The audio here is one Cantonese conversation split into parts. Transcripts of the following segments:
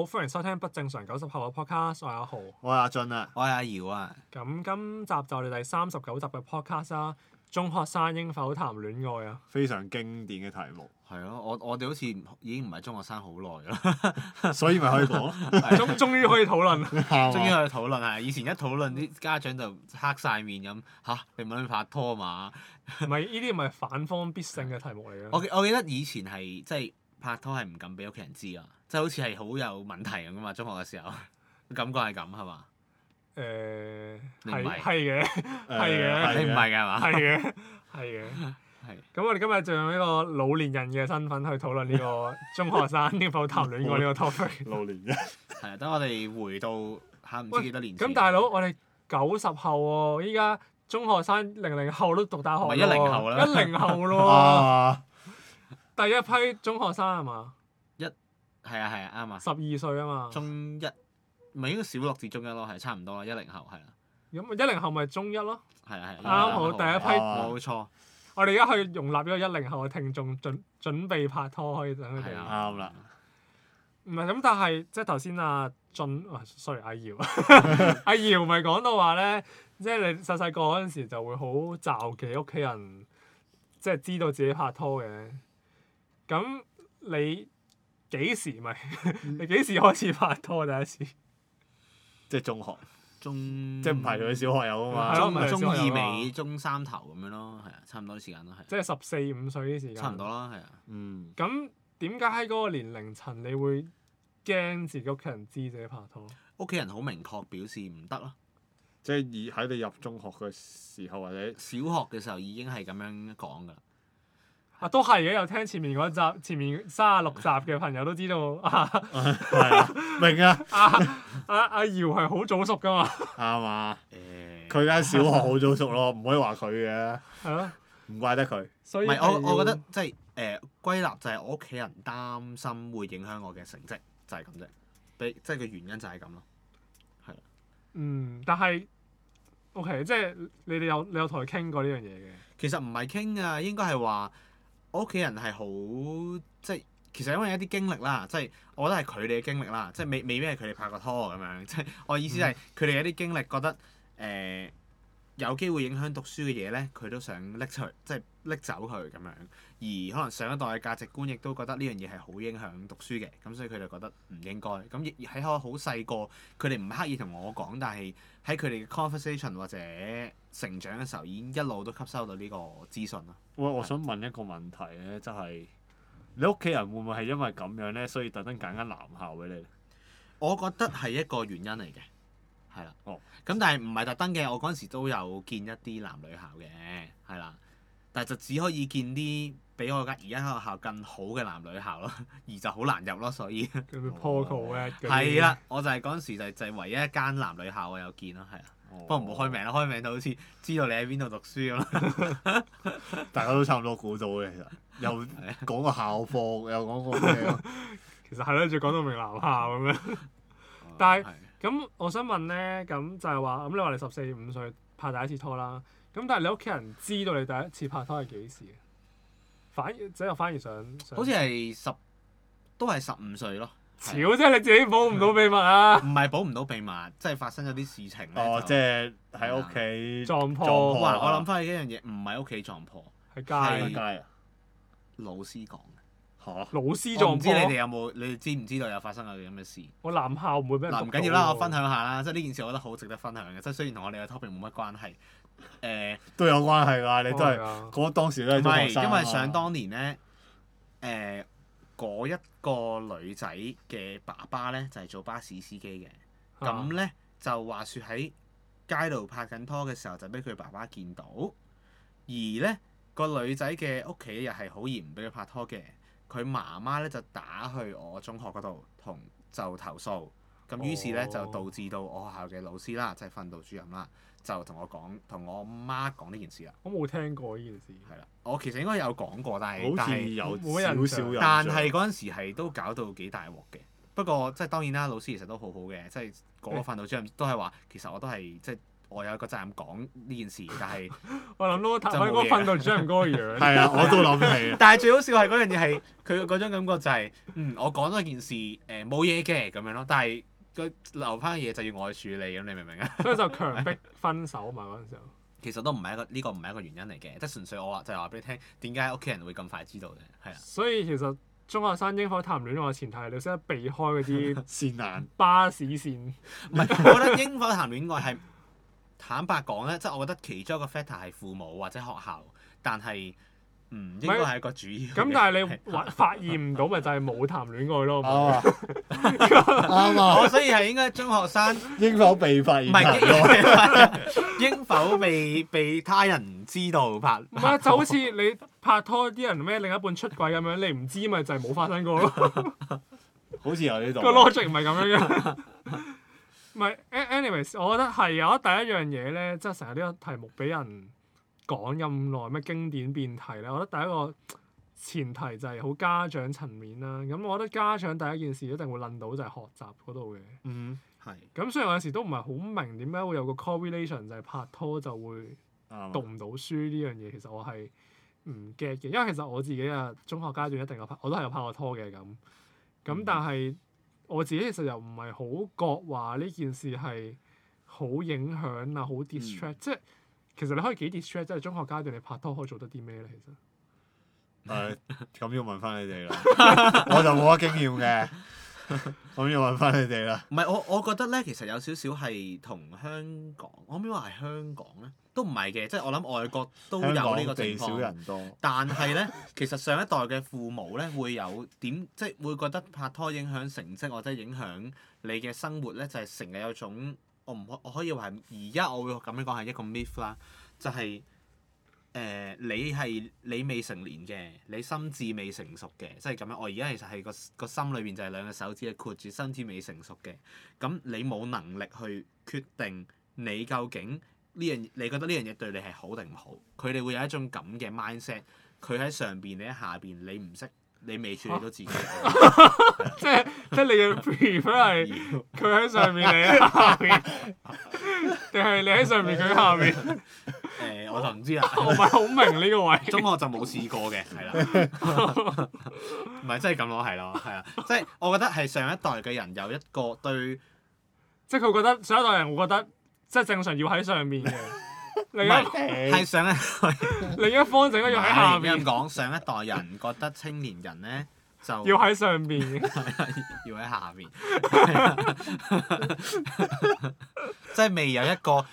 好歡迎收聽不正常九十後嘅 podcast，我係阿豪，我係阿俊啊，我係阿姚啊。咁今集就係第三十九集嘅 podcast 啦、啊。中學生應否談戀愛啊？非常經典嘅題目，係咯、啊。我我哋好似已經唔係中學生好耐啦， 所以咪可以講，終終於可以討論，終 於可以討論係。 以前一討論啲家長就黑晒面咁，嚇、啊，你唔好亂拍拖嘛。唔係呢啲咪反方必勝嘅題目嚟嘅。我 我記得以前係即係。就是拍拖係唔敢俾屋企人知啊！即係好似係好有問題咁噶嘛？中學嘅時候感覺係咁係嘛？誒，係係嘅，係嘅，你唔係嘅，係嘛？係嘅，係嘅。係。咁我哋今日就用一個老年人嘅身份去討論呢個中學生應否談戀愛呢個 topic。老年人，係啊，等我哋回到下唔知幾多年前。咁大佬，我哋九十後喎，依家中學生零零後都讀大學，一零後，一零後咯喎。第一批中學生係嘛？一係啊，係啊，啱啊！十二歲啊嘛！中一咪應該小六至中一咯，係差唔多啦。一零後係啦。咁咪一零後咪中一咯？係啊，係。啱好第一批。冇錯。我哋而家去容納呢個一零後嘅聽眾，準準備拍拖，可以等佢哋。啱啦。唔係咁，但係即係頭先阿俊，唔 sorry，阿姚，阿姚咪講到話咧，即你細細個嗰陣時就會好罩忌屋企人，即知道自己拍拖嘅。咁你幾時咪？ 你幾時開始拍拖第一次？即係中學。中。即係唔係佢小學有啊嘛？唔中，中，中二尾、中三頭咁樣咯，係啊，差唔多啲時間咯，係。即係十四五歲啲時間。差唔多啦，係啊。嗯。咁點解喺嗰個年齡層你會驚自己屋企人知自己拍拖？屋企人好明確表示唔得咯。即係喺你入中學嘅時候，或者小學嘅時候已經係咁樣講㗎喇。啊，都係嘅，有聽前面嗰集，前面三十六集嘅朋友都知道啊， 啊，明啊， 啊，阿阿姚係好早熟㗎嘛， 係嘛？佢間小學好早熟咯，唔 可以話佢嘅。係咯、啊。唔怪得佢。所以。唔係我，我覺得即係誒，歸納就係我屋企人擔心會影響我嘅成績，就係咁啫。比即係個原因就係咁咯。係。嗯，但係。O.K.，即係你哋有你有同佢傾過呢樣嘢嘅。其實唔係傾啊，應該係話。我屋企人係好即係，其實因為一啲經歷啦，即係我覺得係佢哋嘅經歷啦，即係未未必係佢哋拍過拖咁樣，即係我意思係佢哋一啲經歷覺得誒、呃、有機會影響讀書嘅嘢咧，佢都想拎出去，即係拎走佢咁樣。而可能上一代嘅價值觀亦都覺得呢樣嘢係好影響讀書嘅，咁所以佢哋覺得唔應該。咁亦喺我好細個，佢哋唔刻意同我講，但係喺佢哋嘅 conversation 或者。成長嘅時候，已經一路都吸收到呢個資訊咯。喂，是的 我想問一個問題咧，就係、是、你屋企人會唔會係因為咁樣咧，所以特登揀間男校俾你？我覺得係一個原因嚟嘅。係啦。哦。咁但係唔係特登嘅，我嗰陣時都有見一啲男女校嘅，係啦。但係就只可以見啲比我而家間學校更好嘅男女校咯，而就好難入咯，所以。咁咪破綻嘅。係啦， 我就係嗰陣時就就係唯一一間男女校我有見咯，係啊。哦、不如唔開名啦，開名就好似知道你喺邊度讀書咁咯。大家都差唔多估到嘅，其實又講個校服， 又講個咩？其實係咯、啊，再講到明名校咁樣 但是。但係咁，我想問咧，咁就係話咁，你話你十四五歲拍第一次拖啦。咁但係你屋企人知道你第一次拍拖係幾時？反而，即係我反而想。想好似係十，都係十五歲咯。超，即係你自己保唔到秘密啊！唔係保唔到秘密，即係發生咗啲事情咧。哦，即係喺屋企撞破。撞破啊！我諗翻起一樣嘢，唔係屋企撞破，係街啊！老師講嘅嚇。老師撞破。我唔知你哋有冇，你哋知唔知道有發生過咁嘅事？我男校唔會俾人鬧。唔緊要啦，我分享下啦。即係呢件事，我覺得好值得分享嘅。即係雖然同我哋嘅 topic 冇乜關係，誒都有關係㗎。你真係，我當時都係。唔係，因為想當年咧，誒。嗰一個女仔嘅爸爸咧就係做巴士司機嘅，咁咧就話説喺街度拍緊拖嘅時候就俾佢爸爸見到，而咧個女仔嘅屋企又係好嚴唔俾佢拍拖嘅，佢媽媽咧就打去我中學嗰度同就投訴，咁於是咧就導致到我學校嘅老師啦，就係訓導主任啦。就同我講，同我媽講呢件事啦。我冇聽過呢件事。係啦，我其實應該有講過，但係但係嗰陣時係都搞到幾大鑊嘅。嗯、不過即係當然啦，老師其實都好好嘅，即係嗰個訓導主任都係話，其實我都係即係我有個責任講呢件事，但係 我諗到我頭先，我訓導主任嗰個樣。係 啊，我都諗起。 但係最好笑係嗰樣嘢係佢嗰種感覺就係、是，嗯，我講咗件事誒冇嘢嘅咁樣咯，但係。佢留翻嘅嘢就要我去處理咁，你明唔明啊？所以就強逼分手嘛，嗰陣時候。 其實都唔係一個呢、呢個唔係一個原因嚟嘅，即係純粹我話就係話俾你聽點解屋企人會咁快知道嘅，係啊。所以其實中學生應否談戀愛，前提係你識得避開嗰啲線眼巴士線。唔係，我覺得應否談戀愛係 坦白講咧，即、就是、我覺得其中一個 factor 係父母或者學校，但係。唔應該係一個主意，咁但係你發現唔到，咪就係冇談戀愛咯。啱 啊，啊！我所以係應該中學生應否被發現？唔 係樂，應否被被他人知道拍？唔係，就好似你拍拖啲人咩另一半出軌咁樣，你唔知咪就係冇發生過咯。 好似有呢度，理。 個 logic 唔係咁樣嘅。唔 係，anyways，我覺得係有一第一樣嘢咧，即係成日都有題目俾人。講咁耐咩經典辯題咧？我覺得第一個前提就係好家長層面啦、啊。咁我覺得家長第一件事一定會論到就係學習嗰度嘅。咁所以有陣時都唔係好明點解會有個 correlation 就係拍拖就會讀唔到書呢樣嘢。嗯、其實我係唔 get 嘅，因為其實我自己啊中學階段一定有拍我都係有拍過拖嘅咁。咁但係我自己其實又唔係好覺話呢件事係好影響啊，好 distress 即係。嗯其實你可以幾啲 stress 即係中學階段你拍拖可以做到啲咩咧？其實誒，咁要、呃、問翻你哋啦，我就冇乜經驗嘅，咁要問翻你哋啦。唔係我我覺得咧，其實有少少係同香港，我可唔可以話係香港咧，都唔係嘅，即係我諗外國都有呢個情況， 但係咧，其實上一代嘅父母咧會有點即係會覺得拍拖影響成績或者影響你嘅生活咧，就係成日有種。我唔可，我可以話而家我會咁樣講，係一個 myth 啦，就是，就係誒你係你未成年嘅，你心智未成熟嘅，即係咁樣，我而家其實係個個心裏邊就係兩隻手指係括住，心智未成熟嘅，咁你冇能力去決定你究竟呢樣你覺得呢樣嘢對你係好定唔好。佢哋會有一種咁嘅 mindset，佢喺上邊，你喺下邊，你唔識。你未處理到自己，啊、 即係即係你嘅 prefer 係佢喺上面你喺下面，定係 你喺上面佢喺下面？誒、 呃，我就唔知啦。 我唔係好明呢個位。 中學就冇試過嘅，係 啦。 唔係即係咁咯，係咯，係啊！即係我覺得係上一代嘅人有一個對，即係佢覺得上一代人會覺得，即係正常要喺上面嘅。 係上一代，另一方就應該要喺下面。係咁講，上一代人覺得青年人咧就要喺上面，要喺下面，即係未有一個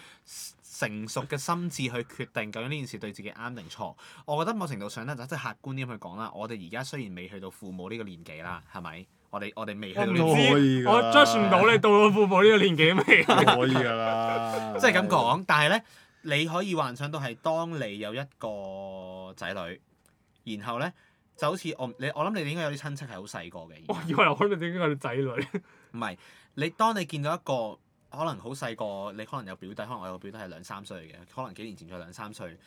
成熟嘅心智去決定究竟呢件事對自己啱定錯。我覺得某程度上咧，就即係客觀啲咁去講啦。我哋而家雖然未去到父母呢個年紀啦，係咪？我哋我哋未去到呢個年紀。我 judge 唔到你到咗父母呢個年紀未？可以㗎啦。即係咁講， 但係咧。你可以幻想到係當你有一個仔女，然後咧就好似我，我你我諗你哋應該有啲親戚係好細個嘅。我以為我哋應該係仔女？唔 係你當你見到一個可能好細個，你可能有表弟，可能我有個表弟係兩三歲嘅，可能幾年前再兩三歲。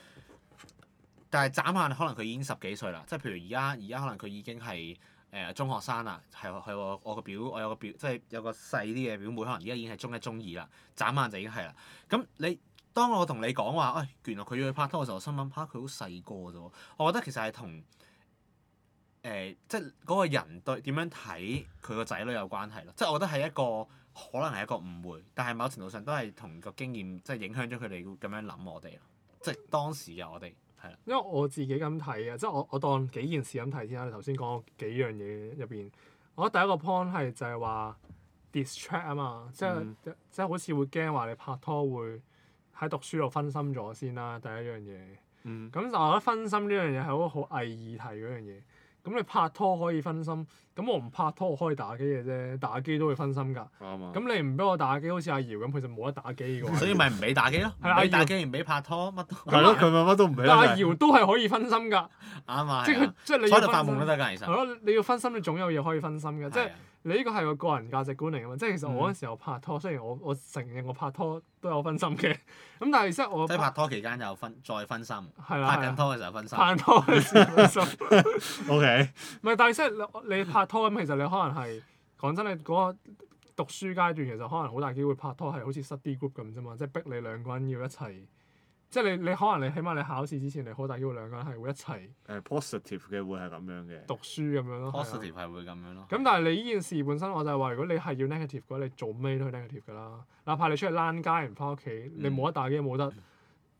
但係眨眼可能佢已經十幾歲啦，即係譬如而家而家可能佢已經係誒中學生啦，係係我我個表我有個表即係有個細啲嘅表妹，可能而家已經係中一中二啦。眨眼就已經係啦，咁你。當我同你講話，哎，原來佢要去拍拖嘅時候，我心諗嚇佢好細個咋喎，我覺得其實係同誒即嗰個人對點樣睇佢個仔女有關係咯。即我覺得係一個可能係一個誤會，但係某程度上都係同個經驗即影響咗佢哋咁樣諗我哋咯。即係當時嘅我哋係啦。因為我自己咁睇啊，即我我當幾件事咁睇先啦。你頭先講幾樣嘢入邊，我覺得第一個 point 係就係話 distract 啊嘛，即係、嗯、即好似會驚話你拍拖會。喺讀書度分心咗先啦，第一樣嘢。咁但係我覺得分心呢樣嘢係好好偽議題嗰樣嘢。咁你拍拖可以分心，咁我唔拍拖我可以打機嘅啫，打機都會分心㗎。咁你唔俾我打機，好似阿瑤咁，佢就冇得打機㗎喎。所以咪唔俾打機咯。唔俾打機，唔俾拍拖，乜都佢咪乜都唔俾咯。阿瑤都係可以分心㗎。啱啊！即係即係你要分心。所以發夢都得㗎，其實。係咯，你要分心，你總有嘢可以分心㗎，即係。你呢個係個個人價值觀嚟㗎嘛？即係其實我嗰陣時候拍拖，嗯、雖然我我承認我拍拖都有分心嘅，咁但係即係我拍，拍拖期間又分再分心。係啦是的。拍緊拖嘅時候分心。拍緊拖嘅時候分心。O K。唔係，但係即係你拍拖咁，其實你可能係講真，你嗰個讀書階段其實可能好大機會拍拖係好似失 D group 咁啫嘛，即係逼你兩個人要一齊。即係你，你可能你起碼你考試之前，你好大機會兩個人係會一齊、呃。誒，positive 嘅會係咁樣嘅。讀書咁樣咯。positive 係、啊、會咁樣咯。咁但係你呢件事本身，我就係話，如果你係要 negative 嘅話，你做咩都 negative 㗎啦。哪怕你出去躝街唔翻屋企，你冇得打機，冇得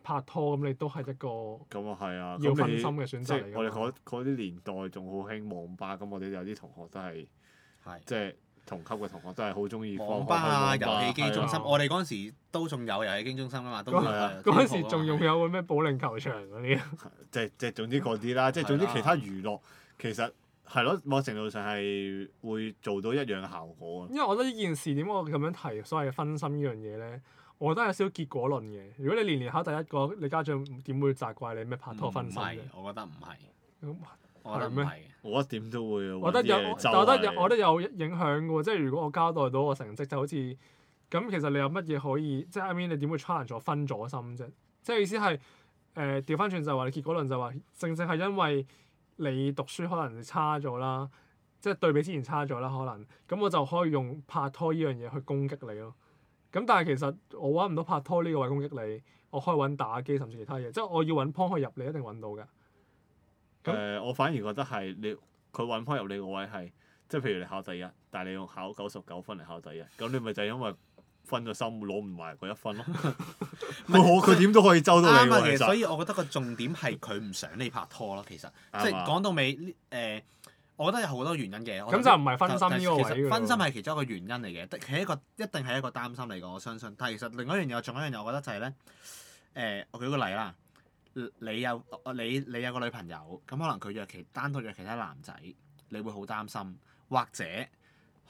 拍拖，咁、嗯嗯、你都係一個。咁啊係啊！要分心嘅選擇嚟。我哋嗰嗰啲年代仲好興網吧，咁我哋有啲同學都係即係。的同級嘅同學都係好中意。網吧巴啊，巴遊戲機中心，啊、我哋嗰陣時都仲有遊戲機中心噶嘛。嗰陣、啊、時仲用有個咩保齡球場嗰、啊、啲。即即、 即係即係、總之嗰啲啦，即、嗯、總之其他娛樂啦其實係咯，某程度上係會做到一樣效果啊。因為我覺得呢件事點解我咁樣提所謂分心呢樣嘢咧？我覺得有少少結果論嘅。如果你年年考第一個，你家長點會責怪你咩拍拖分心嘅？唔係，我覺得唔係。係咩？我，我一點都會我。就是、我覺得有，我覺得有，我覺得有影響嘅喎。即係如果我交代到我成績，就好似咁，其實你有乜嘢可以？即係 I mean，你點會 challenge 我分咗心啫？即係意思係誒調翻轉就話，你結果論就話，正正係因為你讀書可能差咗啦，即係對比之前差咗啦，可能咁我就可以用拍拖呢樣嘢去攻擊你咯。咁但係其實我揾唔到拍拖呢個位攻擊你，我可以揾打機甚至其他嘢，即係我要揾 point 可以入你一定揾到㗎。誒、嗯呃，我反而覺得係你佢揾翻入你個位係，即係譬如你考第一，但係你用考九十九分嚟考第一，咁你咪就係因為分咗心攞唔埋嗰一分咯。我佢點都可以周到你。 所以，我覺得個重點係佢唔想你拍拖咯。其實，即係講到尾呢誒，我覺得有好多原因嘅。咁就唔係分心呢個位。分心係其中一個原因嚟嘅，得係一個一定係一,一,一個擔心嚟嘅。我相信。但係其實另外一樣嘢，我仲有一樣嘢，我覺得就係、是、咧。誒、呃呃，我舉個,個例啦。你有你你有個女朋友，咁可能佢約其單獨約其他男仔，你會好擔心，或者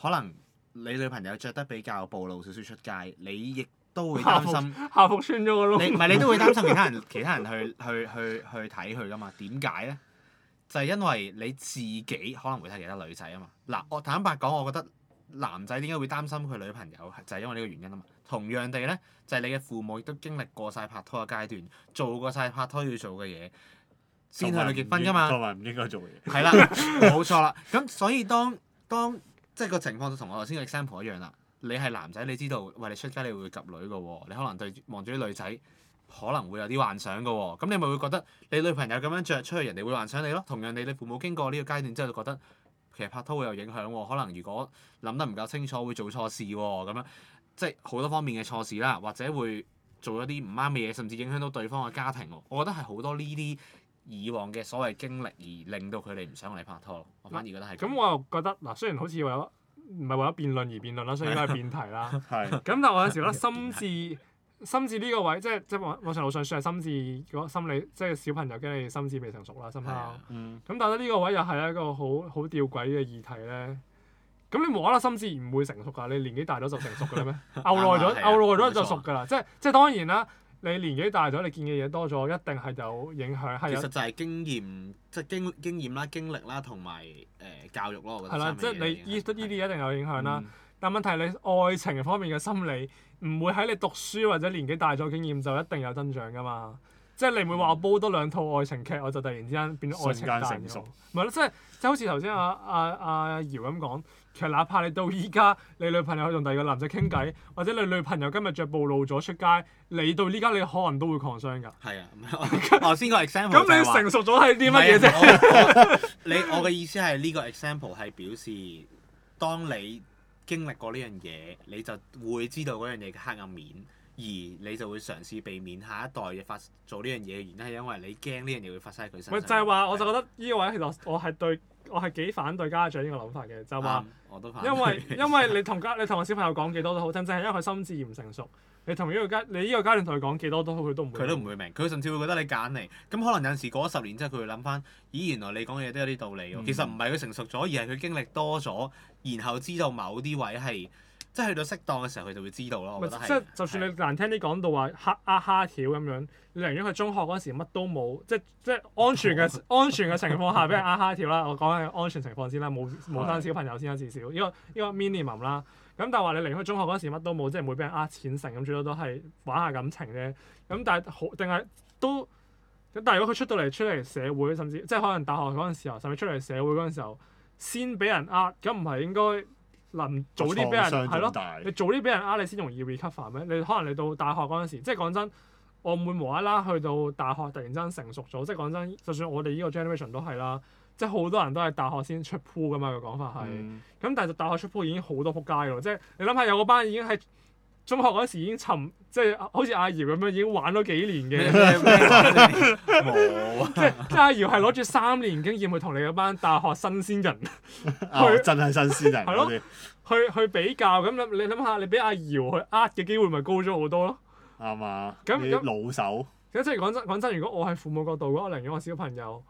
可能你女朋友著得比較暴露少少出街，你亦都會擔心。校服，服穿咗個窿。你唔係你都會擔心其他人其他人去去去去睇佢噶嘛？點解咧？就係因為你自己可能會睇其他女仔啊嘛！嗱，我坦白講，我覺得。男仔點解會擔心佢女朋友？係就係、是、因為呢個原因啊嘛。同樣地咧，就係、是、你嘅父母都經歷過晒拍拖嘅階段，做過晒拍拖要做嘅嘢，先去到結婚㗎嘛。作埋唔應該做嘅嘢。係 啦，冇錯啦。咁所以當當即係、就是、個情況就同我頭先個 example 一樣啦。你係男仔，你知道，喂，你出街你會及女嘅喎。你可能對望住啲女仔可能會有啲幻想嘅喎。咁你咪會覺得你女朋友咁樣著出去，人哋會幻想你咯。同樣地，你父母經過呢個階段之後，就覺得。其實拍拖會有影響喎、哦，可能如果諗得唔夠清楚，會做錯事喎、哦，咁樣即係好多方面嘅錯事啦，或者會做一啲唔啱嘅嘢，甚至影響到對方嘅家庭喎、哦。我覺得係好多呢啲以往嘅所謂經歷，而令到佢哋唔想嚟拍拖。嗯、我反而覺得係。咁我又覺得嗱，雖然好似為咗唔係為咗辯論而辯論啦，所以應該係辯題啦。咁 但係我有時覺得心智。 心智呢個位，即係即係往往常路上算係心智嗰個心理，即係小朋友驚你心智未成熟啦，心刻。咁但係呢呢個位又係一個好好吊詭嘅議題咧。咁你無可能心智唔會成熟噶，你年紀大咗就成熟㗎啦咩？漚耐咗，漚耐咗就熟㗎啦。即係即係當然啦，你年紀大咗，你見嘅嘢多咗，一定係有影響。其實就係經驗，即係經經驗啦、經歷啦同埋誒教育咯。我覺得即係你依啲一定有影響啦。但係問題你愛情方面嘅心理。唔會喺你讀書或者年紀大咗經驗就一定有增長㗎嘛？即係你唔會話我煲多兩套愛情劇，我就突然之間變咗愛情成熟。唔係咯，即係即係好似頭先啊、嗯、啊啊瑤咁講，其實哪怕你到依家，你女朋友去同第二個男仔傾偈，嗯、或者你女朋友今日著暴露咗出街，你到依家你可能都會擴張㗎。係啊，頭先 個 example 咁 你成熟咗係啲乜嘢啫？你我嘅意思係呢個 example 係表示當你經歷過呢樣嘢，你就會知道嗰樣嘢嘅黑暗面，而你就會嘗試避免下一代嘅發做呢樣嘢嘅原因係因為你驚呢樣嘢會發生喺佢身上。咪就係話，我就覺得呢個位其實我係對， 我係對，我係幾反對家長呢個諗法嘅，就話，我因為， 因為因為你同家你同個小朋友講幾多都好，真正係因為佢心智唔成熟。你同呢個階，你呢個階段同佢講幾多都好，佢都唔，佢都唔會明，佢甚至會覺得你揀嚟。咁可能有陣時過咗十年之後，佢會諗翻，咦，原來你講嘅嘢都有啲道理喎。嗯、其實唔係佢成熟咗，而係佢經歷多咗，然後知道某啲位係即係去到適當嘅時候，佢就會知道咯。唔係，即係就算你難聽啲講到話蝦扼蝦條咁樣，你寧願佢中學嗰時乜都冇，即係即係安全嘅 安全嘅情況下俾人扼蝦、啊、條啦。 我講係安全情況先啦，冇冇生小朋友先啊至少，因為因為 minimum 啦。咁但係話你離開中學嗰陣時乜都冇，即係唔會俾人呃錢成咁，最多都係玩下感情啫。咁但係好定係都咁？但係如果佢出到嚟出嚟社會，甚至即係可能大學嗰陣時候，甚至出嚟社會嗰陣時候先俾人呃，咁唔係應該能早啲俾人呃，係咯？你早啲俾人呃你先容易 recover 咩？你可能你到大學嗰陣時，即係講真，我唔會無啦啦去到大學突然之間成熟咗。即係講真，就算我哋呢個 generation 都係啦。即係好多人都係大學先出 pool 噶嘛，個講法係。咁但係就大學出 pool 已經好多撲街咯。即係你諗下，有嗰班已經喺中學嗰時已經沉，即係好似阿姚咁樣已經玩咗幾年嘅。冇即係阿姚係攞住三年經驗去同你嗰班大學新鮮人去，真係新鮮人。係咯。去去比較咁，你你諗下，你俾阿姚去呃嘅機會，咪高咗好多咯？啱啊！咁老手。咁即係講真講真，如果我喺父母角度，我寧願我小朋友。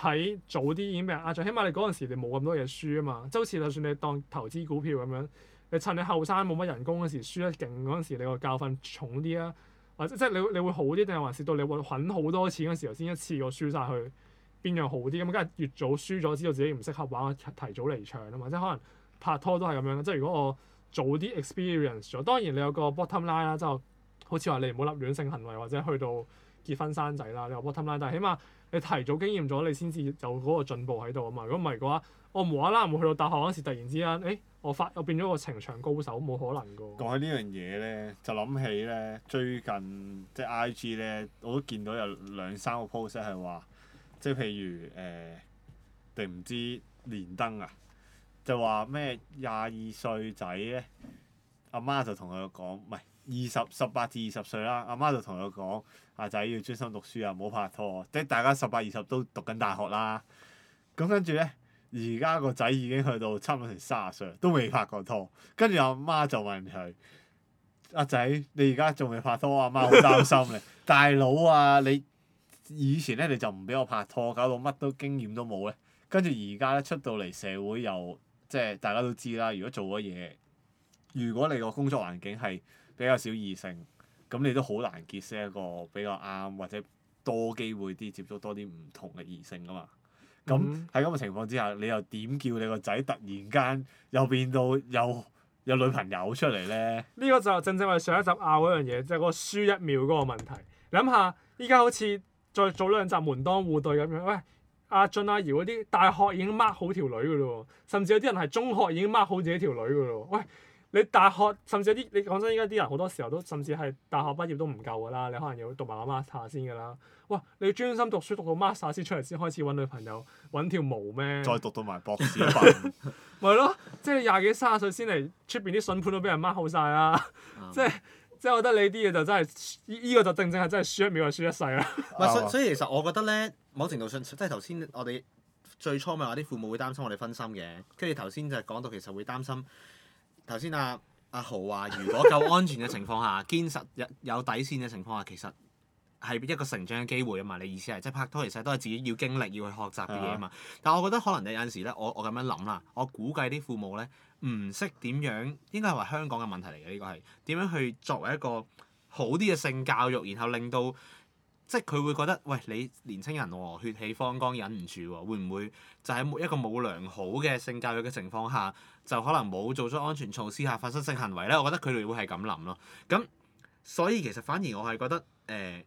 喺早啲已經咩啊？最起碼你嗰陣時你冇咁多嘢輸啊嘛！即係好似就算你當投資股票咁樣，你趁你後生冇乜人工嗰時輸得勁嗰陣時，你個教訓重啲啊，或者即係你你會好啲定係還是到你揾好多錢嗰陣時先一次過輸晒去邊樣好啲咁？梗係越早輸咗知道自己唔適合玩，提早離場啊嘛！即係可能拍拖都係咁樣，即係如果我早啲 experience 咗，當然你有個 bottom line 啦、啊，即係好似話你唔好立亂性行為或者去到結婚生仔啦，你話 bottom line，但係起碼。你提早經驗咗，你先至有嗰個進步喺度啊嘛！如果唔係嘅話，我無啦啦唔去到大學嗰時，突然之間，誒、欸，我發我變咗個情場高手，冇可能噶。講起呢樣嘢咧，就諗起咧，最近即 I G 咧，我都見到有兩三個 post 係話，即譬如誒定唔知連登啊，就話咩廿二歲仔咧，阿媽，媽就同佢講唔係。二十十八至二十歲啦，阿媽就同佢講：阿仔要專心讀書啊，唔好拍拖。即係大家十八二十都讀緊大學啦。咁跟住咧，而家個仔已經去到差唔多成三十歲，都未拍過拖。跟住阿媽就問佢：阿仔，你而家仲未拍拖？阿媽好擔心嘅， 大佬啊，你以前咧你就唔俾我拍拖，搞到乜都經驗都冇咧。跟住而家咧出到嚟社會又，即係大家都知啦。如果做咗嘢，如果你個工作環境係，比較少異性，咁你都好難結識一個比較啱或者多機會啲接觸多啲唔同嘅異性噶嘛。咁喺咁嘅情況之下，你又點叫你個仔突然間又變到有有女朋友出嚟咧？呢個就正正係上一集拗嗰樣嘢，就係個輸一秒嗰個問題。你諗下，依家好似再做兩集門當戶對咁樣，喂，阿俊阿瑤嗰啲大學已經 mark 好條女噶啦喎，甚至有啲人係中學已經 mark 好自己條女噶啦喎，喂。你大學甚至有啲，你講真，依家啲人好多時候都甚至係大學畢業都唔夠㗎啦，你可能要讀埋 master 先㗎啦。哇！你要專心讀書讀到 master 先出嚟，先開始揾女朋友揾條毛咩？再讀到埋博士班。咪咯，即係廿幾卅歲先嚟，出邊啲筍盤都俾人 mark 好晒、啊、啦、 嗯。 即係即係我覺得你啲嘢就真係依依個就正正係真係輸一秒就輸一世啦、 啊。唔所以所以其實我覺得咧，某程度上即係頭先我哋最初咪話啲父母會擔心我哋分心嘅，跟住頭先就講到其實會擔心。頭先阿阿豪話：如果夠安全嘅情況下，堅 實有有底線嘅情況下，其實係一個成長嘅機會啊嘛！你意思係即、就是、拍拖，其實都係自己要經歷要去學習嘅嘢啊嘛！ 但我覺得可能你有陣時咧，我我咁樣諗啦，我估計啲父母咧唔識點樣，應該係話香港嘅問題嚟嘅呢個係點樣去作為一個好啲嘅性教育，然後令到即佢會覺得喂你年青人喎、哦，血氣方剛，忍唔住喎、哦，會唔會就喺一個冇良好嘅性教育嘅情況下，就可能冇做出安全措施下發生性行為咧，我覺得佢哋會係咁諗咯。咁所以其實反而我係覺得誒、呃，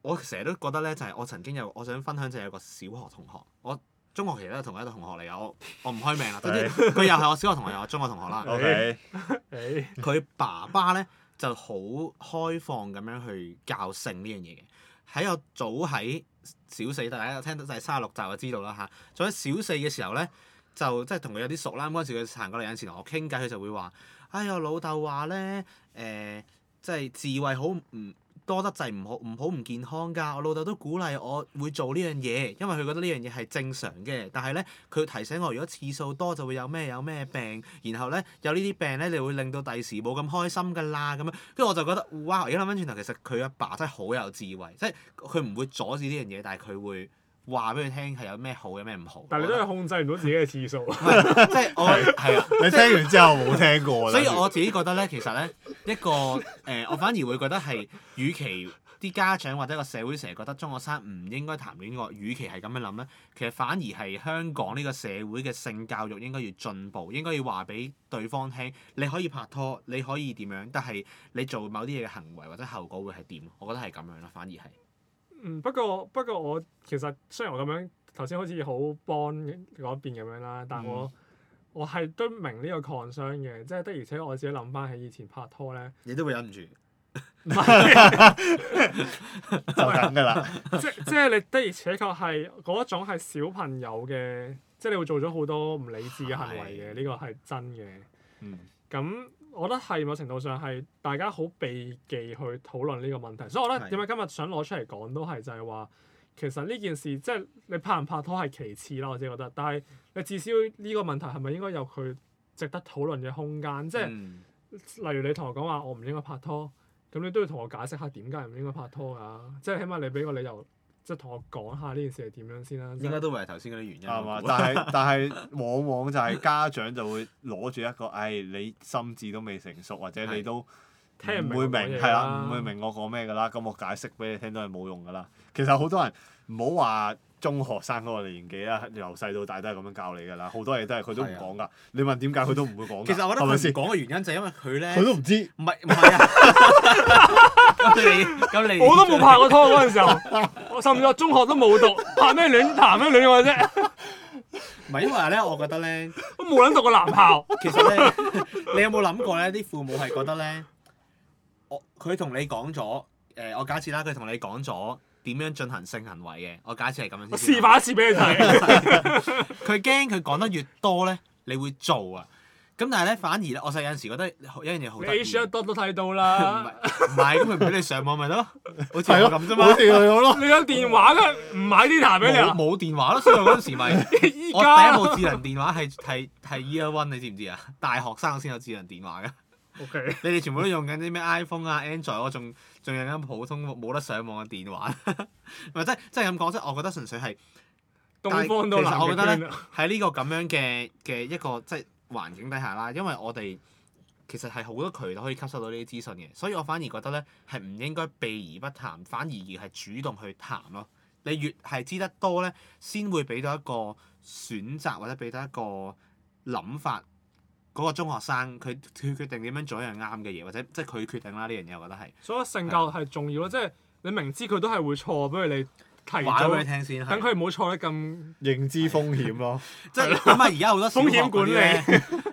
我成日都覺得咧，就係、是、我曾經有我想分享就係有個小學同學，我中學其實都係同一個同學嚟嘅，我我唔開名啦，佢 又係我小學同學又係我中學同學啦。OK。佢爸爸咧就好開放咁樣去教性呢樣嘢嘅，喺我早喺小四，大家聽到就係卅六集就知道啦嚇。喺小四嘅時候咧。就即係同佢有啲熟啦。咁嗰陣時佢行過嚟有陣時同我傾偈，佢就會話，哎，我老豆話咧，誒、呃，即係自慰好唔多得滯，唔好唔好唔健康㗎。我老豆都鼓勵我會做呢樣嘢，因為佢覺得呢樣嘢係正常嘅。但係咧，佢提醒我如果次數多就會有咩有咩病，然後咧有呢啲病咧，就會令到第時冇咁開心㗎啦。咁樣跟住我就覺得，哇！而家諗翻轉頭，其實佢阿爸，爸真係好有智慧，即係佢唔會阻止呢樣嘢，但係佢會。話俾佢聽係有咩好，有咩唔好。但係你都係控制唔到自己嘅次數。即係我係啊！ 是 是 你聽完之後冇聽過。所以我自己覺得咧，其實咧一個誒、呃，我反而會覺得係，與其啲家長或者個社會成日覺得中學生唔應該談戀愛，與其係咁樣諗咧，其實反而係香港呢個社會嘅性教育應該要進步，應該要話俾對方聽，你可以拍拖，你可以點樣，但係你做某啲嘢嘅行為或者後果會係點？我覺得係咁樣咯，反而係。嗯，不過不過我其實雖然我咁樣頭先好似好幫嗰一邊咁樣啦，但係我、嗯、我係都明呢個 concern 嘅，即係的而且確我自己諗翻起以前拍拖咧，你都會忍唔住，就咁㗎啦。即即係你的而且確係嗰一種係小朋友嘅，即、就、係、是、你會做咗好多唔理智嘅行為嘅，呢個係真嘅。咁、嗯。嗯。我覺得係某程度上係大家好避忌去討論呢個問題，所以我覺得點解今日想攞出嚟講都係就係話，其實呢件事即係你拍唔拍拖係其次啦，我自己覺得，但係你至少呢個問題係咪應該有佢值得討論嘅空間？即係、嗯、例如你同我講話我唔應該拍拖，咁你都要同我解釋下點解唔應該拍拖㗎？即係起碼你俾個理由。即係同我講下呢件事係點樣先啦。就係，應該都唔係頭先嗰啲原因。係嘛？但係但係往往就係家長就會攞住一個，唉、哎，你心智都未成熟，或者你都聽唔會明係啦，唔會明我講咩㗎啦。咁我解釋俾你聽都係冇用㗎啦。其實好多人唔好話中學生嗰個年紀啦，由細到大都係咁樣教你㗎啦，好多嘢都係佢都唔講噶。你問點解佢都唔會講？其實我覺得唔講嘅原因就係因為佢咧，佢都唔知。唔係唔係啊！咁你咁你，我都冇拍過拖嗰陣時候，我甚至中學都冇讀，拍咩戀談咩戀愛啫？唔係因為咧，我覺得咧，我冇諗讀過男校。其實咧，你有冇諗過咧？啲父母係覺得咧，我佢同你講咗誒，我假設啦，佢同你講咗。點樣進行性行為嘅？我假設係咁樣先。我試把一次俾你睇。佢驚佢講得越多咧，你會做啊！咁但係咧，反而咧，我細個嗰陣時覺得一樣嘢好得意。你上多都睇到啦。唔係唔係，咁佢唔俾你上網咪得咯？好似我咁啫嘛。好似我咯。有你有電話嘅？唔 買啲台俾你。冇電話咯，所以我嗰陣時咪。 了我第一部智能電話係係係 Year One，你知唔知啊？大學生先有智能電話嘅。Okay. 你哋全部都用緊啲咩 iPhone 啊 Android 我仲仲用緊普通冇得上網嘅電話，唔係即係即係咁講，即係我覺得純粹係。但係其實，我覺得咧喺呢這個咁樣嘅嘅一個即係、就是、環境底下啦，因為我哋其實係好多渠道可以吸收到呢啲資訊嘅，所以我反而覺得咧係唔應該避而不談，反而而係主動去談咯。你越係知得多咧，先會俾到一個選擇或者俾到一個諗法。嗰個中學生佢佢決定點樣做一樣啱嘅嘢，或者即係佢決定啦呢樣嘢，我覺得係。所以性教育係重要咯，即係你明知佢都係會錯，不如你提咗俾佢聽先，等佢唔好錯得咁。認知風險咯。即係咁啊！而家好多風險管理，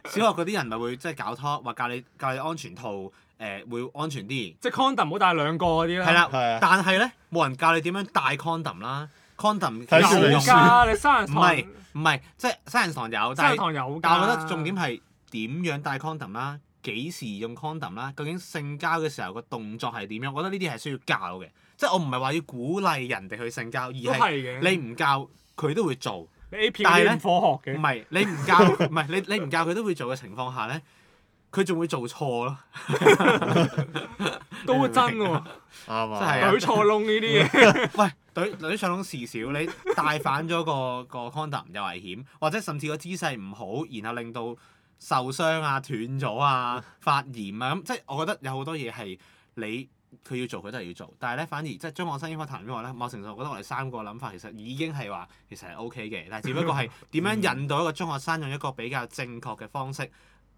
小學嗰啲人咪會即係搞 talk，話教你教你安全套誒會安全啲。即係 condom 唔好帶兩個嗰啲咧。係啦。但係咧，冇人教你點樣帶 condom 啦。condom 冇用。唔係唔係，即係雙人牀有。雙人牀有。但係，我覺得重點係。點樣戴 condom 啦？幾時用 condom 啦？究竟性交嘅時候個動作係點樣？我覺得呢啲係需要教嘅，即係我唔係話要鼓勵人哋去性交，而係你唔教佢都會做。但你偏偏科學嘅。唔係你唔教，唔係 你你唔教佢都會做嘅情況下咧，佢仲會做錯咯， 都真喎，啱啊，懟錯窿呢啲嘢。女 喂，懟懟上窿事小，你戴反咗個個 condom 又危險，或者甚至個姿勢唔好，然後令到。受傷啊、斷咗啊、發炎啊，咁即係我覺得有好多嘢係你佢要做，佢都係要做。但係咧，反而即係中學生應該談戀愛咧，某程度上我覺得我哋三個諗法其實已經係話其實係 O K 嘅。但係只不過係點樣引導一個中學生用一個比較正確嘅方式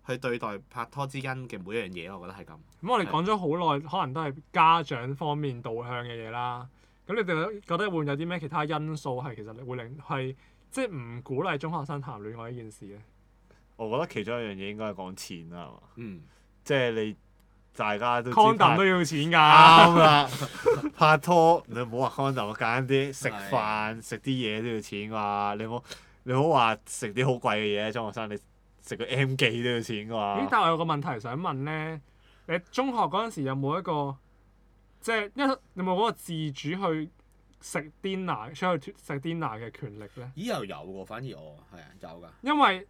去對待拍拖之間嘅每一樣嘢，我覺得係咁。咁、嗯、是我哋講咗好耐，可能都係家長方面導向嘅嘢啦。咁你哋覺得會唔會有啲咩其他因素係其實會令係即係唔鼓勵中學生談戀愛呢件事咧？我覺得其中一樣嘢應該係講錢啦，係嘛？嗯、即係你大家都。condom 都要錢㗎。拍拖你唔好話 condom，簡單啲食飯食啲嘢都要錢㗎。你唔好你唔好話食啲好貴嘅嘢，中學生你食個 M 記都要錢㗎。咦！但係我有個問題想問咧，你中學嗰陣時有冇一個？即係一，有冇嗰個自主去食 dinner，想去食 dinner 嘅權力咧？咦？又有喎，反而我係啊，有㗎。因為。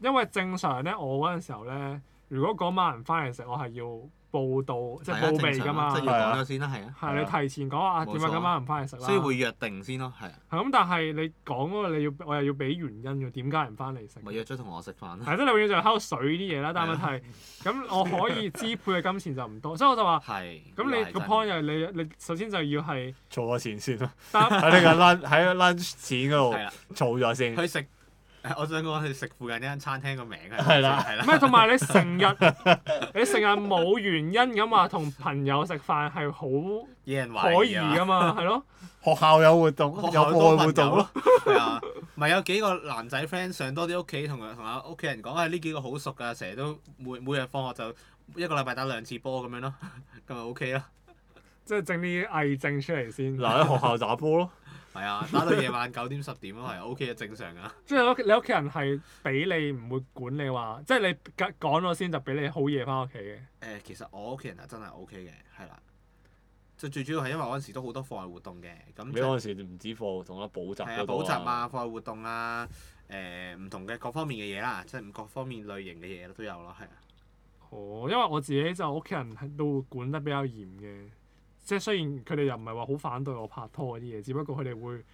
因為正常咧，我嗰陣時候咧，如果嗰晚唔翻嚟食，我係要報到即係報備㗎嘛。即講咗先啦，係啊。你提前講話點解今晚唔翻嚟食啦。會約定先咯、啊，係、啊。咁、啊、但係你講嗰個你要，我又要俾原因㗎，點解唔翻嚟食？咪約咗同我食飯咯、啊。係咯、嗯，就是、你永遠就喺度水啲嘢啦。但係問題咁、啊、我可以支配嘅金錢就唔多，所以我就話。咁你個 point 就係你你首先就要係。儲咗 錢先咯。喺呢個 lunch 喺 lunch 錢嗰度儲咗先。我想講去食附近呢間餐廳個名係。係啦，係啦的。唔係同埋你成日，你成日冇原因咁話同朋友食飯係好惹人懷疑㗎嘛，係咯。學校有活動，有課外活動咯。係啊的，咪 有幾個男仔 friend 上多啲屋企，同佢同阿屋企人講：哎，呢幾個好熟㗎，成日都每每日放學就一個禮拜打兩次波咁樣咯，咁咪 OK 咯。即係整啲偽證出嚟先。嗱，喺學校打波咯。係啊， 打到夜晚九點十點咯，係，O，K，嘅，正常噶。即係你屋企人係俾你唔會管你話，即係你講咗先就俾你好夜翻屋企嘅。誒、呃，其實我屋企人係真係，O，K，嘅，係啦。最主要係因為我嗰陣時都好多課外活動嘅，咁、就係。你嗰陣時唔止課，同我補習、啊。補習啊，課外活動啊，誒、呃、唔同嘅各方面嘅嘢啦，即係各方面類型嘅嘢都有咯，係。哦，因為我自己就屋企人都會管得比較嚴嘅。即係雖然佢哋又唔係話好反對我拍拖嗰啲嘢，只不過佢哋會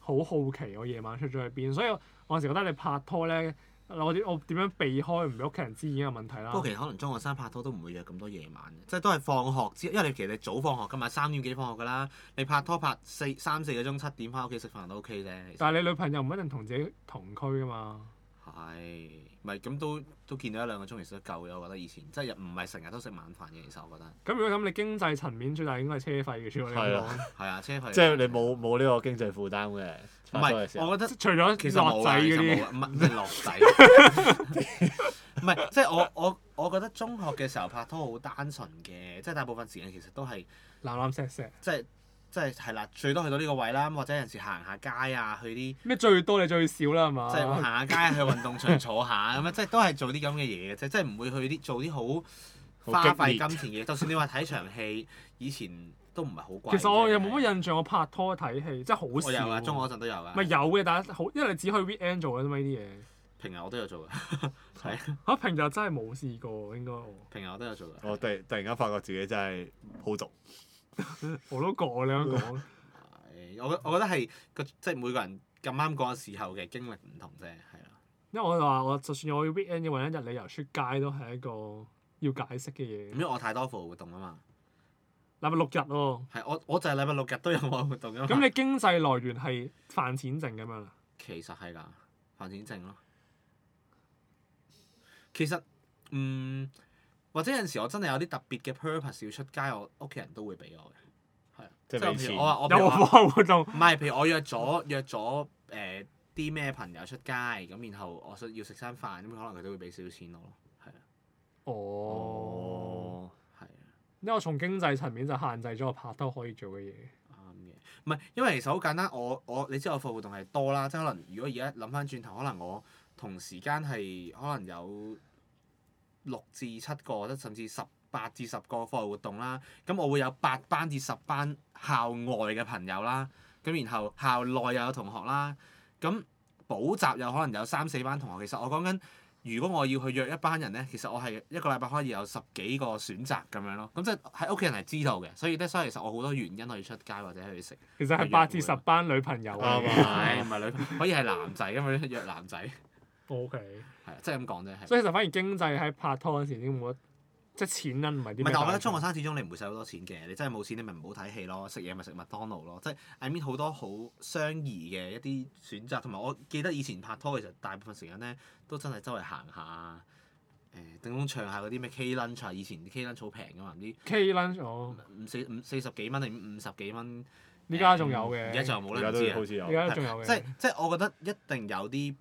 好好奇我夜晚出咗去邊。所以我有時覺得你拍拖咧，我點我點樣避開唔俾屋企人知已經係問題啦。不過其實可能中學生拍拖都唔會有咁多夜晚嘅，即都係放學之，因為你其實你早放學㗎嘛，三點幾放學㗎啦。你拍拖拍四三四個鐘，七點返屋企食飯都 OK 啫。但係你女朋友唔一定同自己同區㗎嘛。係。唔係，咁都都見到一兩個鐘其實都夠嘅，我覺得以前即係唔係成日都食晚飯嘅，其實我覺得。咁如果咁，你經濟層面最大應該係車費嘅，如果嚟講。係啊，車費。即係你冇冇呢個經濟負擔嘅。唔係，我覺得除咗其實落仔嗰啲，落仔。唔係，即係我我我覺得中學嘅時候拍拖好單純嘅，即係大部分時間其實都係。攬攬錫錫。即係。即係係啦，最多去到呢個位啦，或者有陣時行下街啊，去啲咩最多你最少啦，係嘛？即係行下街， 去運動場坐下咁樣，即係都係做啲咁嘅嘢嘅，即係唔會去啲做啲好花費金錢嘅嘢。激。就 算你話睇場戲，以前都唔係好貴。其實我又冇乜印象，我拍拖睇戲，即係好少。我中學嗰陣都有㗎。咪有嘅，但係好，因為你只可以 weekend 做嘅啫嘛，呢啲嘢。平日我都有做㗎。係。嚇！平日真係冇試過喎，應該平日我都有做㗎。 我突突然間發覺自己真係好毒。 我都覺啊，你咁講。係， 我覺我覺得係個即係每個人咁啱嗰個時候嘅經歷唔同啫，係啦。因為我就話我就算我要 weekend 要揾一日旅遊出街都係一個要解釋嘅嘢。因為我太多課外活動啊嘛。禮拜六日喎、啊。係我，我就係禮拜六日都有課外活動啊。咁你經濟來源係飯錢剩咁樣啊？其實係㗎，飯錢剩咯。其實，嗯。或者有陣時我真係有啲特別嘅 purpose 要出街，我屋企人都會俾我嘅，係。即係俾我有個課外活動。唔係， 譬如我約咗 約咗誒啲咩朋友出街，咁然後我想要食餐飯，咁可能佢都會俾少少錢我，係啊。哦、oh. oh.。係啊。因為我從經濟層面就限制咗我拍拖可以做嘅嘢。啱嘅，唔係，因為其實好簡單，我我你知我課外活動係多啦，即係可能如果而家諗翻轉頭，可能我同時間係可能有。六至七個，或者甚至十八至十個課外活動啦。咁我會有八班至十班校外嘅朋友啦。咁然後校內又有同學啦。咁補習有可能有三四班同學。其實我講緊，如果我要去約一班人咧，其實我係一個禮拜可以有十幾個選擇咁樣咯。咁即係喺屋企人係知道嘅，所以咧，所以其實我好多原因可以出街或者去食。其實係八至十班女朋友啊、哦，唔係 女朋友，可以係男仔噶嘛？可以約男仔。 O K，係啊，即係咁講啫，係、就是。所以就反而經濟喺拍拖嗰時點講，即係錢銀唔係點？唔係，但係我覺得中學生始終你唔會使好多錢嘅，你真係冇錢你咪唔好睇戲咯，食嘢咪食麥當勞咯，即係 I mean 好多好相宜嘅一啲選擇，同埋我記得以前拍拖其實大部分時間咧都真係周圍行下，誒，頂籠唱下嗰啲咩 K lunch 啊，以前 K lunch 好平㗎嘛啲。K lunch 哦。四五四十幾蚊定五十幾蚊？依家仲有嘅。依家仲有冇啦，依家都好似有。依家仲有嘅。即係即係我覺得一定有啲。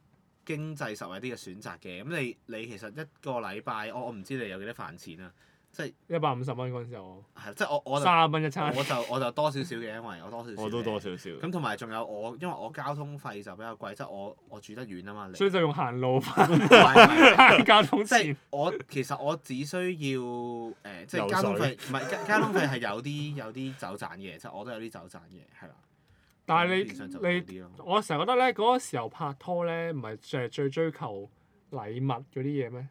經濟實惠啲嘅選擇嘅，咁你你其實一個禮拜、哦，我我唔知你有幾多飯錢啊，即一百五十蚊嗰陣時候我。係啦，即我我。三十蚊一餐。我就我就，我就多少少嘅，因為我多少少。 都多少少。咁同埋仲有我，因為我交通費就比較貴，即我我住得遠啊嘛。你所以就用行路吧。 交通即。即我其實我只需要誒、呃，即交水通費唔係，交通費係有啲 有啲走盞嘅，即、就是、我都有啲走盞嘅，係啦。但係你你，我成日覺得咧，嗰個時候拍拖咧，唔係就係最追求禮物嗰啲嘢咩？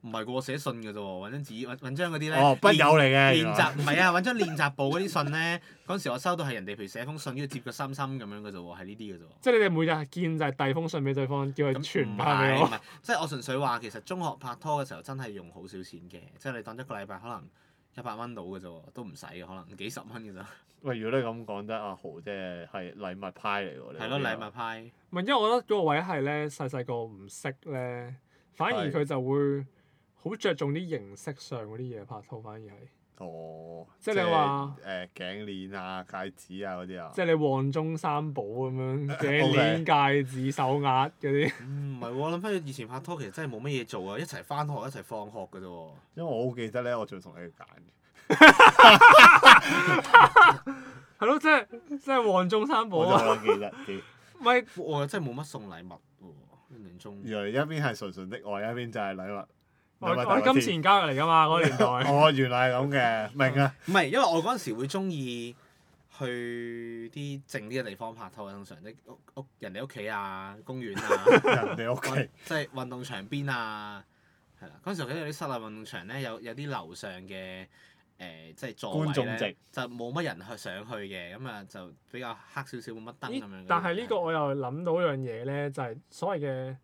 唔係喎，寫信㗎咋喎，揾張紙揾揾張嗰啲咧哦，筆友嚟嘅，練習，唔係啊，揾張練習簿嗰啲信咧，嗰 時我收到係人哋譬如寫封信，跟住摺個心心咁樣㗎咋喎，係呢啲㗎咋喎。即係你哋每日見就係遞封信俾對方，叫佢傳派咯。唔唔係，即係 我純粹話，其實中學拍拖嘅時候真係用好少錢嘅，即係你當一個禮拜可能。一百蚊到嘅啫喎，都唔使嘅可能，幾十蚊嘅咋。喂，如果你咁講得阿豪，啫，係係禮物派嚟喎。你係咯，禮物派。咪，因為我覺得嗰個位係咧細細個唔識咧，反而佢就會好着重啲形式上嗰啲嘢拍拖，反而係。哦！即係你話誒頸鏈啊、戒指啊嗰啲啊，即係你旺中三寶咁樣頸鏈、戒指、手鐲嗰啲。唔係喎，諗翻起以前拍拖，其實真係冇乜嘢做啊！一齊翻學，一齊放學嘅啫喎。因為我好記得咧，我仲同你揀嘅。係咯，即係即係旺中三寶啊！我都記得啲。唔係，我又真係冇乜送禮物喎，年初。原來一邊係純純的愛，一邊就係禮物。嗰金錢交易嚟㗎嘛，嗰個年代。哦，原來係咁嘅，明啊！唔係、 嗯，因為我嗰陣時會中意去啲靜啲嘅地方拍拖啊，通常啲屋屋人哋屋企啊，公園啊。 人哋屋企。即係運動場邊啊！係啦，嗰陣時我記得有啲室內運動場咧，有有啲樓上嘅誒，即係座位咧，眾就冇乜人去上去嘅，咁啊就比較黑少少，冇乜燈咁樣咦。但係呢個我又諗到樣嘢咧，就係所謂嘅。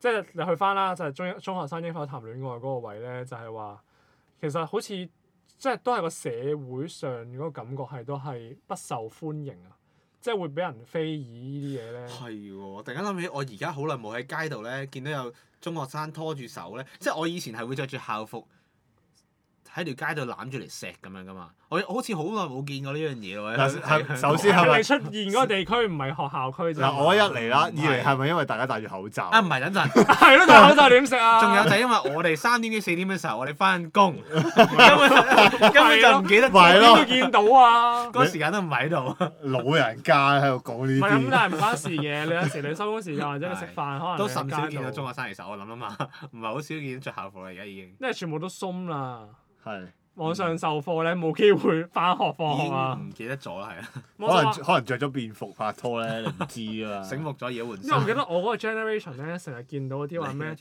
即係你去翻啦，就係中中學生應否談戀愛嗰個位咧，就係話其實好似即係都係個社會上嗰個感覺係都係不受歡迎啊，即係會俾人非議呢啲嘢咧。係喎，突然間諗起我而家好耐冇喺街度咧見到有中學生拖住手咧，即係我以前係會著住校服。喺條街度攬住嚟錫咁樣噶嘛？我好似好耐冇見過呢樣嘢咯。首先係咪出現嗰個地區唔係學校區咋？我一嚟啦，二嚟係咪因為大家戴住口罩？啊，唔係等陣。係咯，戴口罩點錫啊？仲有就係因為我哋三點幾四點嘅時候，我哋翻工，根本就根本就唔記得自己都見到啊！嗰個時間都唔喺度。老人家喺度講呢啲。唔係咁，但係唔關事嘅。你有時你收工時間或者你食飯可能都甚少見到中學生。其實我諗啊嘛，唔係好少見著校服啦，而家已經。因為全部都鬆啦。係、嗯、網上授課咧，冇機會返學放學啊！唔記得咗啦，係啊錯，可能可能著咗便服拍拖咧，你唔知啊嘛。 醒目咗，而家換衫。因為我記得我嗰個 generation 咧，成日見到啲話咩。不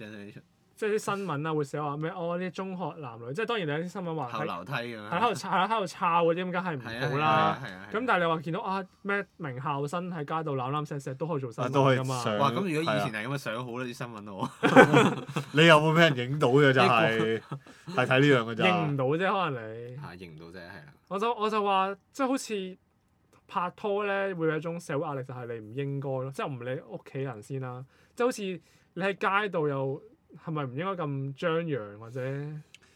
即係啲新聞啊，會寫話咩？哦，啲中學男女，即係當然你有啲新聞話喺喺度，喺喺度抄嗰啲咁，梗係唔好啦。咁、啊啊啊啊、但係你話見到啊咩名校生喺街度攬攬錫錫都可以做新聞咁啊！哇！咁、啊、如果以前係咁樣上好啦啲、啊、新聞喎。 你有冇俾人影到嘅？就係係睇呢樣嘅啫。影唔到啫，可能你嚇影唔到啫，係啦、啊就是。我就我就話，即係好似拍拖咧，會有一種社會壓力就，就係你唔應該咯。即係唔理屋企人先啦。即係好似你喺街度又～係咪唔應該咁張揚或者，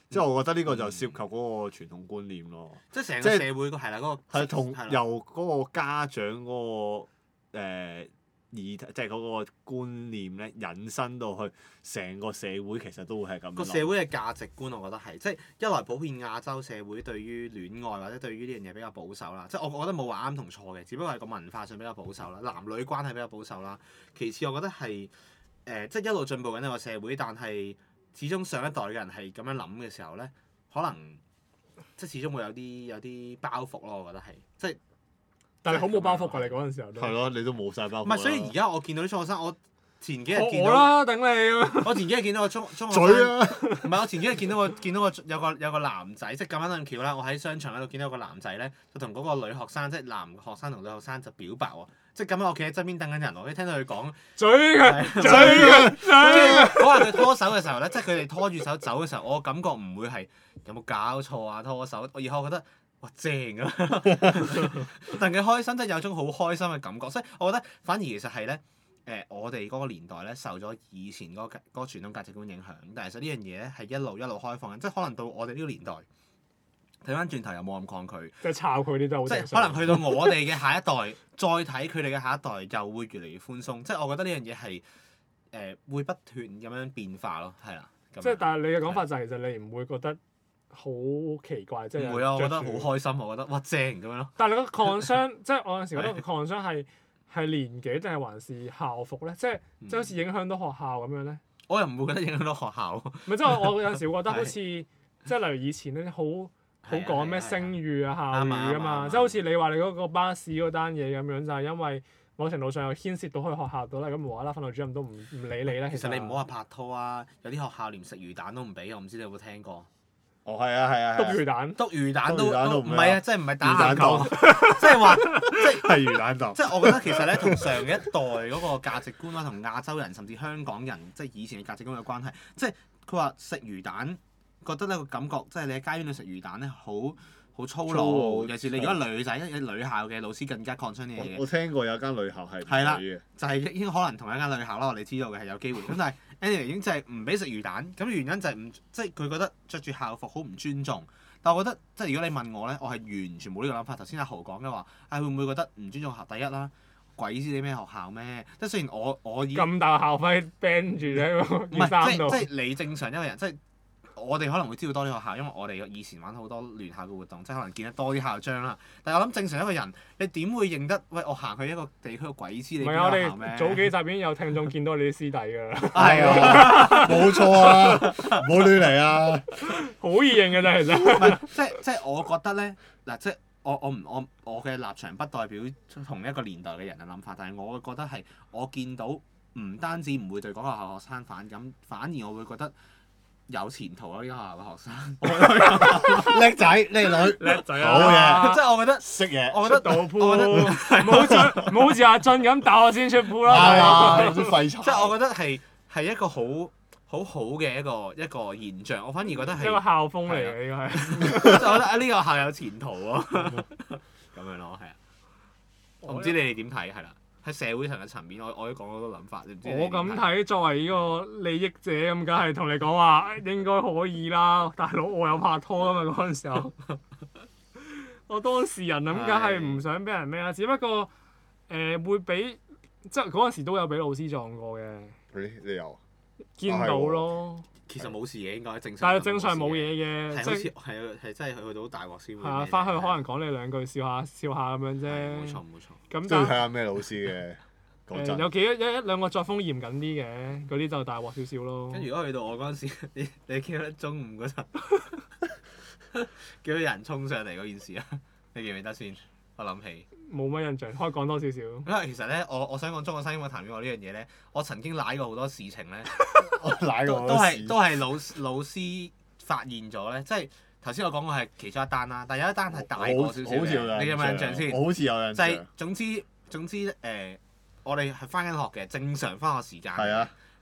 即係我覺得呢個就涉及嗰個傳統觀念咯。嗯、即係是成個社會，係啦嗰個。係是是同是由嗰個家長嗰、嗰個誒意，即係嗰個觀念咧，引申到去成個社會其實都會係咁。個社會嘅價值觀，我覺得係即係一來普遍亞洲社會對於戀愛或者對於呢樣嘢比較保守啦，即、就、係、是、我覺得冇話啱同錯嘅，只不過係個文化上比較保守啦，男女關係比較保守啦。其次，我覺得係。誒、呃，即係一路進步緊呢個社會，但係始終上一代嘅人係咁樣諗嘅時候咧，可能即係始終會有啲有啲包袱咯，我覺得係即係。但係好冇包袱㗎！你嗰陣時候。都係咯，你都冇晒包袱。咪所以而家我見到啲中學生，我前幾日見到啦。頂你，我前幾日見到個中中學生，唔係我前幾日見到個見到個有個有個男仔，即係咁啱得咁巧啦！我喺商場喺度見到個男仔咧，就同嗰個女學生，即係男學生同女學生就表白喎。即咁樣，我企喺側邊等緊人，我一聽到佢講嘴強嘴強嘴強，可能佢拖手嘅時候咧，即係佢哋拖住手走嘅時候，我感覺唔會係有冇搞錯啊，拖手，而我覺得哇正啊！但 佢 開心，真係有種好開心嘅感覺，所以我覺得反而其實係咧誒，我哋嗰個年代咧受咗以前嗰個嗰個傳統價值觀影響，但係其實呢樣嘢咧係一路一路開放緊，即可能到我哋呢個年代。睇翻轉頭又冇咁抗拒，即係抄佢啲都好正。即可能去到我哋嘅下一代，再睇佢哋嘅下一代，又會越嚟越寬鬆。即我覺得呢樣嘢係誒會不斷咁樣變化咯，係啊。即但係你嘅講法就係，其實你唔會覺得好奇怪，即係。唔會啊！我覺得好開心，我覺得哇正咁樣咯。但係你覺得抗傷，即我有陣時覺得抗傷係係年紀定係還是校服咧？即係即好似影響到學校咁樣咧。我又唔會覺得影響到學校。咪即我有陣時會覺得好似，即例如以前咧好。好講咩聲譽啊、校譽啊嘛，即係好似你話你嗰個巴士嗰單嘢咁樣就係因為某程度上有牽涉到去學校度啦，咁無啦啦，訓導主任都唔唔理你咧。其實你唔好話拍拖啊，有啲學校連食魚蛋都唔俾，我唔知你有冇聽過。哦，係啊，係啊。篤魚蛋。篤魚蛋。都唔係啊，即係話，即係。係魚蛋檔。即係我覺得其實咧，同上一代嗰個價值觀啦，同亞洲人甚至香港人，即係以前嘅價值觀有關係。即係佢話食魚蛋。覺得咧個感覺，即係你喺街邊度食魚蛋咧，好好粗魯。粗懼尤其是你如果女仔，一係的女校嘅老師更加抗拒啲嘢嘅。我聽過有間女校係。係啦，就係、是、已經可能同一間女校啦。我哋知道嘅係有機會咁， 但係 a n y、anyway, w a y 已經就係唔俾食魚蛋。咁原因就係唔即係佢覺得著住校服好唔尊重。但係我覺得即係如果你問我咧，我係完全冇呢個諗法。頭先阿豪講嘅話，誒、哎、會唔會覺得唔尊重校第一啦？鬼知你咩學校咩？即係雖然我我已經。咁大校徽 band 住咧，要唔到。即係 你正常一個人，即係。我哋可能會知道多啲學校，因為我哋以前玩好多聯校嘅活動，即係可能見得多啲校章啦。但係我諗正常一個人，你點會認得？喂，我行去一個地區鬼知你邊個嚟㗎咩？早幾集已經有聽眾見到你啲師弟㗎啦。係啊，冇錯啊，冇 亂嚟啊， 好易認㗎咋，其實。唔係， 即即係我覺得咧，嗱即係我我唔我我嘅立場不代表同一個年代嘅人嘅諗法，但係我覺得係我見到唔單止唔會對嗰個校學生反感，反而我會覺得。有前途啊！呢個學校嘅學生，叻仔，叻女，叻仔好嘢！即係我覺得食嘢，我覺得杜鋪，唔好似冇好似阿俊咁打我先出鋪啦。係啊，即係我覺得係係一個好好好嘅一個一個現象，我反而覺得係一個校風嚟嘅，應該係。我覺得呢個學校有前途咯，咁樣咯，係啊。我唔知你哋點睇，係啦。喺社會層嘅層面，我我都講過個諗法，知知你知唔知？我咁睇，作為呢個利益者咁，梗係同你講話應該可以啦，大佬，我有拍拖啊嘛嗰陣、那個、時候， 我當事人啊，咁梗係唔想俾人孭啦，只不過誒、呃、會俾即係嗰陣時都有俾老師撞過嘅。你你有見到咯～、啊其實冇事嘅應該，正常，但正常冇嘢嘅。係好似真係去到大鑊先。係啊，翻去可能講你兩句，笑下笑下咁樣啫。冇錯冇錯。咁，都睇下咩老師嘅 時、呃。有幾一一兩個作風嚴謹啲嘅，嗰啲就大鑊少少咯。咁如果去到我嗰陣時，你你記唔記得中午嗰陣幾多人衝上嚟嗰件事啊？你記唔記得先？我諗起冇乜印象，可以講多少少。因為其實咧，我我想講中學生英文談戀愛呢樣嘢咧，我曾經舐過好多事情咧，我瀨過。都係都係老師老師發現咗咧，即係頭先我講過係其中一單啦，但有一單係大過少少。嘅。你有冇印象先？好似有印象。就係、是、總之總之誒、呃，我哋係翻緊學嘅，正常翻學時間。啊、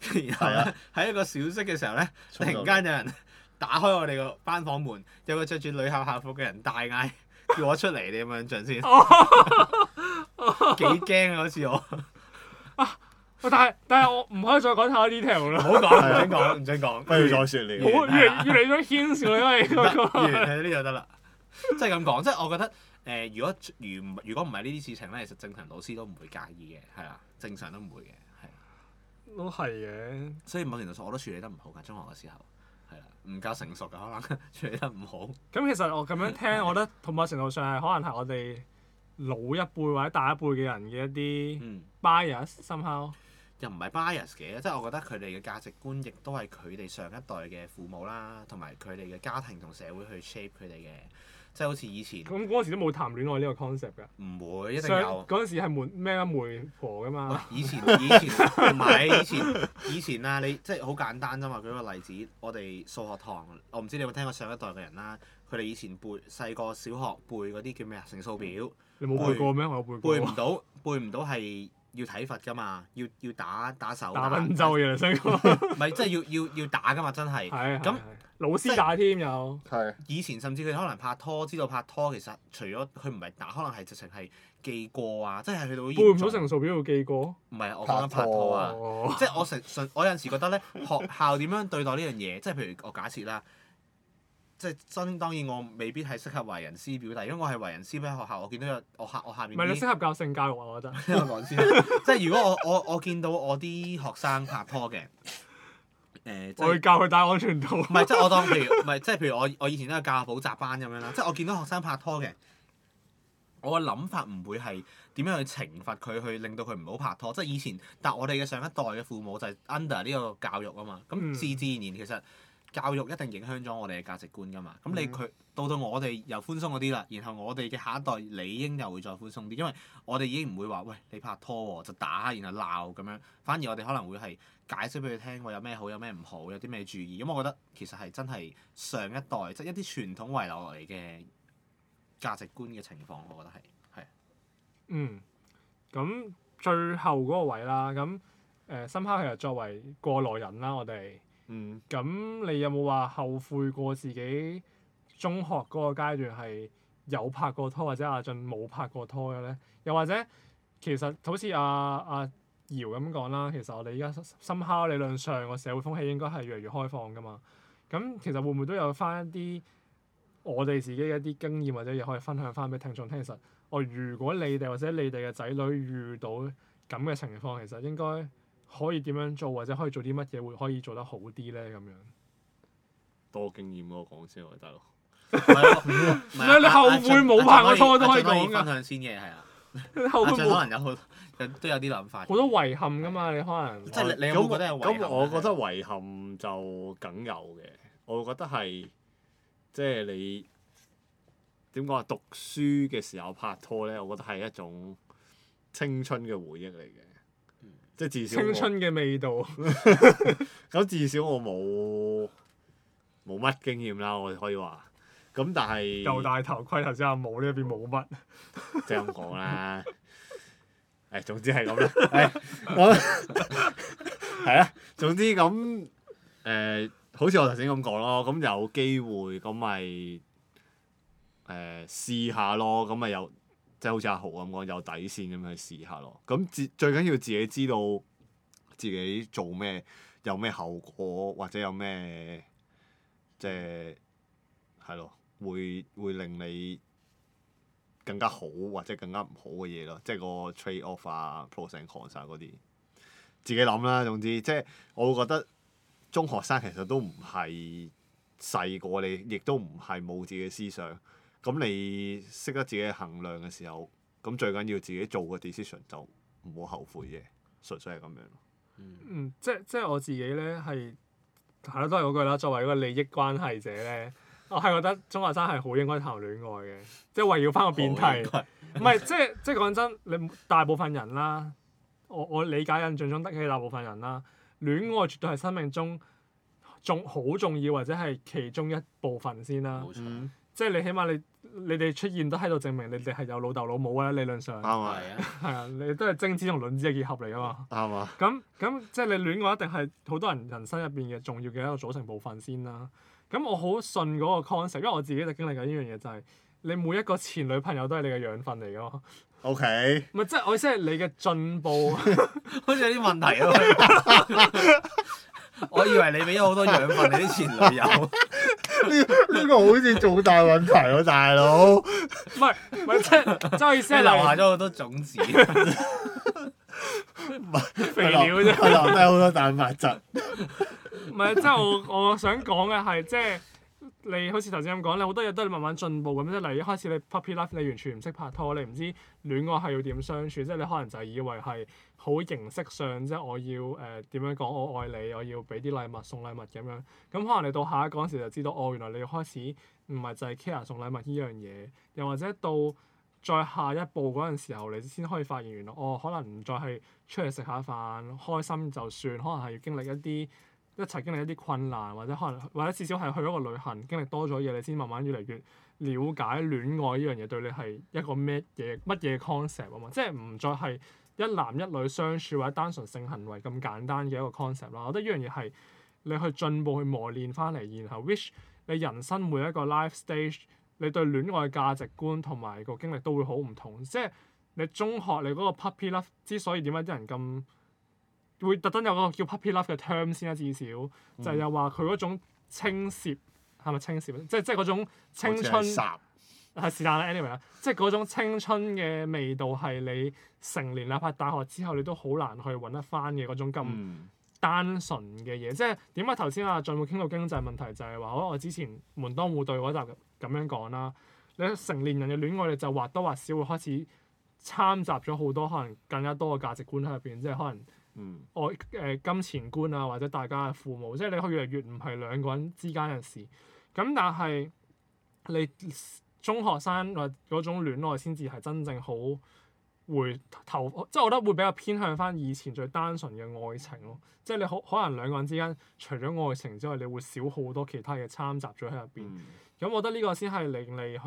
然後咧，喺、啊、一個小息嘅時候咧，突然間有人打開我哋個班房門，有個著住女校校服嘅人大嗌。叫我出嚟，你咁樣做先，幾 驚啊！嗰次我 啊，但係但係我唔可以再講太多 detail 唔好講，唔想講，唔想講，不要再説了。越嚟越嚟都牽涉啦，因為呢個呢就得啦。即係咁講，即係我覺得誒、呃，如果如唔如果唔係呢啲事情咧，其實正常老師都唔會介意嘅，係啦、啊，正常都唔會嘅，係、啊。都係嘅。所以某程度上，我都處理得唔好㗎，中學嘅時候。係啦，唔夠成熟嘅，可能處理得唔好。咁其實我咁樣聽， 我覺得同埋程度上係可能係我哋老一輩或者大一輩嘅人嘅一啲 bias somehow。嗯，又唔係 bias 嘅，即係我覺得佢哋嘅價值觀亦都係佢哋上一代嘅父母啦，同埋佢哋嘅家庭同社會去 shape 佢哋嘅。即係好似以前咁嗰陣時都冇談戀愛呢個 concept 㗎。唔會一定有。嗰陣時係媒咩啊媒婆㗎嘛。以前以前唔係以前以前啊！你即係好簡單啫嘛！舉個例子，我哋數學堂，我唔知你有冇聽過上一代嘅人啦。佢哋以前背細個小學背嗰啲叫咩啊？乘數表。你冇背過咩？我背唔到，背唔到係要體罰㗎嘛？要要打打手。打分咒越嚟越犀利。唔係，即係要要打㗎嘛！真係。咁。老師打添又即，有以前甚至佢可能拍拖，知道拍拖其實除咗佢唔係打，可能係直情係記過啊，即係去到嚴重。背唔到成個數表要記過。唔係我講緊拍拖啊，哦、即係我成順，我有陣時覺得咧， 學校點樣對待呢樣嘢？即係譬如我假設啦。即係真當然，我未必係適合為人師表，但因為我係為人師表喺學校，我見到有我下我下面。唔係你適合教性教育，啊。我覺得。即係如果我我我見到我啲學生拍拖嘅。呃就是、我會教佢打安全套。唔 係，即、係、我當譬如，唔係即譬如我我以前都係教下補習班咁樣啦。即、係、我見到學生拍拖嘅，我嘅諗法唔會係點樣去懲罰佢，去令到佢唔好拍拖。即、係、以前，但我哋嘅上一代嘅父母就係 under 呢個教育啊嘛。咁自自然然、嗯、其實。教育一定影響咗我哋嘅價值觀㗎嘛，咁你佢到到我哋又寬鬆嗰啲啦，然後我哋嘅下一代理應又會再寬鬆啲，因為我哋已經唔會話喂你拍拖、喎、就打，然後鬧咁樣，反而我哋可能會係解釋俾佢聽，我有咩好，有咩唔好，有啲咩注意。咁我覺得其實係真係上一代即係、就是、一啲傳統遺留落嚟嘅價值觀嘅情況，我覺得係係。嗯，咁最後嗰個位啦，咁誒、呃、深刻其實作為過來人啦，我哋。嗯，咁你有冇話後悔過自己中學嗰個階段係有拍過拖，或者阿進冇拍過拖嘅呢？又或者其實好似阿阿姚咁講啦，其實我哋依家深刻理論上個社會風氣應該係越嚟越開放㗎嘛。咁其實會唔會都有翻一啲我哋自己嘅一啲經驗，或者又可以分享翻俾聽眾聽？其實，我如果你哋或者你哋嘅仔女遇到咁嘅情況，其實應該。可以點樣做，或者可以做啲乜嘢會可以做得好啲咧？咁樣多經驗咯，講先我哋大佬，你後悔冇拍過拖、啊啊啊、都可以講㗎。啊、分享先嘅係啊。後悔。 啊、可能有好有都有啲諗法。好 多遺憾㗎嘛！你可能。咁我覺得遺憾就梗有嘅，我覺得係。即、就、係、是、你。點講啊？讀書嘅時候拍拖咧，我覺得係一種青春嘅回憶嚟嘅。即係至少青春嘅味道。咁 至少我冇冇乜經驗啦，我可以話。咁但係。又戴頭盔，頭先阿冇呢一邊冇乜。即係咁講啦。誒、 哎，總之係咁啦。係、 哎 呃。好。係啊，總之咁誒，好似我頭先咁講咯，咁有機會咁、就、咪、是。誒、呃，試下咯，咁咪又～即係好似阿豪咁講，有底線咁去試下咯。咁自最緊要自己知道自己做咩，有咩後果或者有咩即係係咯，會會令你更加好或者更加唔好嘅嘢咯。即係個 trade-off 啊，pros and cons 啊嗰啲，自己諗啦。總之，即係我會覺得中學生其實都唔係細過你，亦都唔係冇自己嘅思想。咁你識得自己衡量嘅時候，咁最緊要自己做個 decision 就唔好後悔嘅，純粹係咁樣。嗯。嗯，即係即係我自己咧，係係咯，都係嗰句啦。作為一個利益關係者咧，我係覺得中學生係好應該談戀愛嘅，即係圍繞翻個變態。唔係，即係即係講真，你大部分人啦，我我理解印象中得起大部分人啦，戀愛絕對係生命中仲好重要，或者係其中一部分先啦。冇錯。嗯。即係你起碼你。你哋出現都喺度證明你哋係有老豆老母啊！理論上、嗯，啱啊，係啊， 你都係精子同卵子嘅結合嚟噶嘛？啱啊、嗯。咁咁即係你戀愛一定係好多人人生入邊嘅重要嘅一個組成部分先啦。咁我好信嗰個 concept，因為我自己就經歷緊呢樣嘢，就係你每一個前女朋友都係你嘅養分嚟噶嘛。O Okay . K。唔係，即係我意思係你嘅進步， 好似有啲問題咯。我以為你俾咗好多養分你啲前女友。 呢呢 個好似重大問題喎，大佬。唔係，唔係即係即係我意思係留下咗好多種子，唔係 是肥料啫， 留低好多蛋白質。唔 係，即係我我想講嘅係即係。就是你好似頭先咁講，你好多嘢都係慢慢進步咁，即係例如一開始你 puppy love，你完全唔識拍拖，你唔知戀愛係要點相處，即係你可能就以為係好形式上，即係我要誒、呃、點樣講我愛你，我要俾啲禮物送禮物咁樣。咁可能你到下一嗰時就知道，哦原來你開始唔係就係 care、er、送禮物呢樣嘢，又或者到再下一步嗰陣時候，你先可以發現原來哦可能唔再係出嚟食下飯開心就算，可能係要經歷一啲。一齊經歷一啲困難，或者可能，或者至少係去一個旅行，經歷多咗嘢，你先慢慢越嚟越了解戀愛呢樣嘢對你係一個咩嘢、乜嘢 concept 啊嘛，即係唔再係一男一女相處或者單純性行為咁簡單嘅一個 concept 啦。我覺得呢樣嘢係你去進步去磨練翻嚟，然後 wish 你人生每一個 life stage，你對戀愛嘅價值觀同埋個經歷都會好唔同。即係你中學你嗰個 puppy love 之所以點解啲人咁，會特登有個叫 puppy love 嘅 term 先啦、啊，至少就又話佢嗰種青澀係咪青澀？即係即嗰種青春係是但啦。anyway 啦， 即係嗰種青春嘅味道係你成年哪怕大學之後，你都好難去揾得翻嘅嗰種咁單純嘅嘢。嗯、即係點解頭先阿俊會傾到經濟問題就，就係話可能我之前門當戶對嗰集咁樣講啦、啊，你成年人嘅戀愛，你就或多或少會開始參雜咗好多可能更加多嘅價值觀喺入邊，即係可能。嗯，愛、呃、金錢觀啊，或者大家父母，即係你可以、以越嚟越唔係兩個人之間嘅事。咁但係你中學生嗰嗰種戀愛先至係真正好回頭，即係我覺得會比較偏向翻以前最單純嘅愛情咯。即係你可可能兩個人之間除咗愛情之外，你會少好多其他嘢參雜咗喺入邊。咁、嗯、我覺得呢個先係令你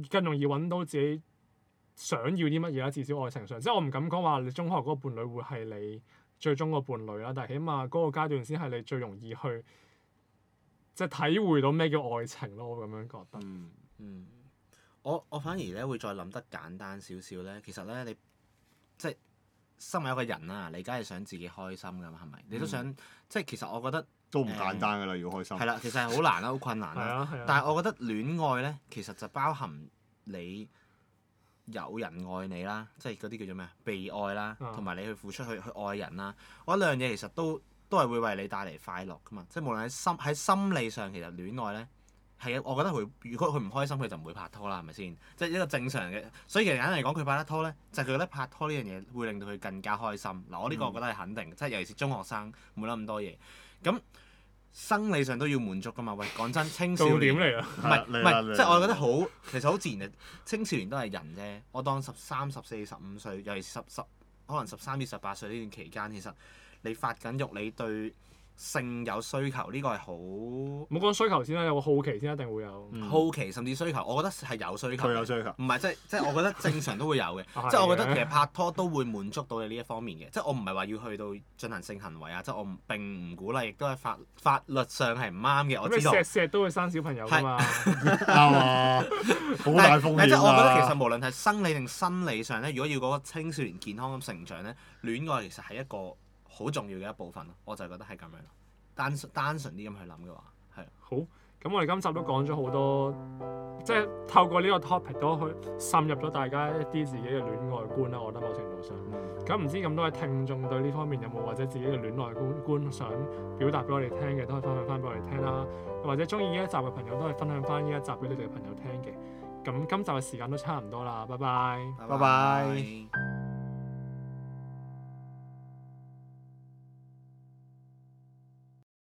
去更容易揾到自己。想要啲乜嘢啦？至少愛情上，即係我唔敢講話你中學嗰個伴侶會係你最終個伴侶啦。但係起碼嗰個階段先係你最容易去即係、就是、體會到咩叫愛情咯。我咁樣覺得。嗯，嗯。我我反而咧會再諗得簡單少少咧。其實咧你即係身為一個人啊，你梗係想自己開心噶嘛，係咪？嗯、你都想即係其實我覺得都唔簡單噶啦，呃、要開心。係啦，其實係好難啦、啊，好困難啦、啊。了但係我覺得戀愛咧，其實就包含你。有人愛你啦，即係嗰啲叫做咩啊？被愛啦，同埋你去付出去去愛人啦，我、嗯、兩樣嘢其實都都係會為你帶嚟快樂噶嘛。即係無論喺心喺心理上，其實戀愛咧係我覺得，如果佢唔開心，佢就唔會拍拖啦，係咪先？即係一個正常嘅。所以其實簡單嚟講，佢拍得拖咧，就係、是、佢覺得拍拖呢樣嘢會令到佢更加開心。嗱、嗯，我呢個我覺得係肯定，即係尤其是中學生唔會諗咁多嘢咁。生理上都要滿足㗎嘛，喂，講真，青少年，唔係，唔係。即係我覺得好，啊、其實好自然嘅，青少年都係人啫。我當十三、十四、十五歲，尤其是十十，可能十三至十八歲呢段期間，其實你發緊育，你對性有需求呢，這個係好，冇講需求先啦，有個好奇先一定會有，嗯、好奇，甚至需求，我覺得係有，有需求。唔係即係即係我覺得正常都會有嘅，即係、啊、我覺得其實拍拖都會滿足到你呢一方面嘅，即係我唔係話要去到進行性行為啊，即、就、係、是、我並唔鼓勵，亦都係法法律上係唔啱嘅，我知道。咩錫錫都會生小朋友㗎嘛？啱啊，好大風險即、啊、係、就是、我覺得其實無論係生理定心理上咧，如果要嗰個青少年健康咁成長咧，戀愛其實係一個。好重要嘅一部分咯，我就覺得係咁樣，單純單純啲咁去諗嘅話，係。好，咁我哋今集都講咗好多，即係透過呢個 topic 都去滲入咗大家一啲自己嘅戀愛觀啦。我覺得某程度上，咁唔、嗯嗯、知咁多位聽眾對呢方面有冇或者自己嘅戀愛觀觀想表達俾我哋聽嘅，都可以分享翻俾我哋聽啦。或者中意呢一集嘅朋友都可以分享翻呢一集俾你哋嘅朋友聽嘅。咁今集嘅時間都差唔多啦，拜拜，拜拜。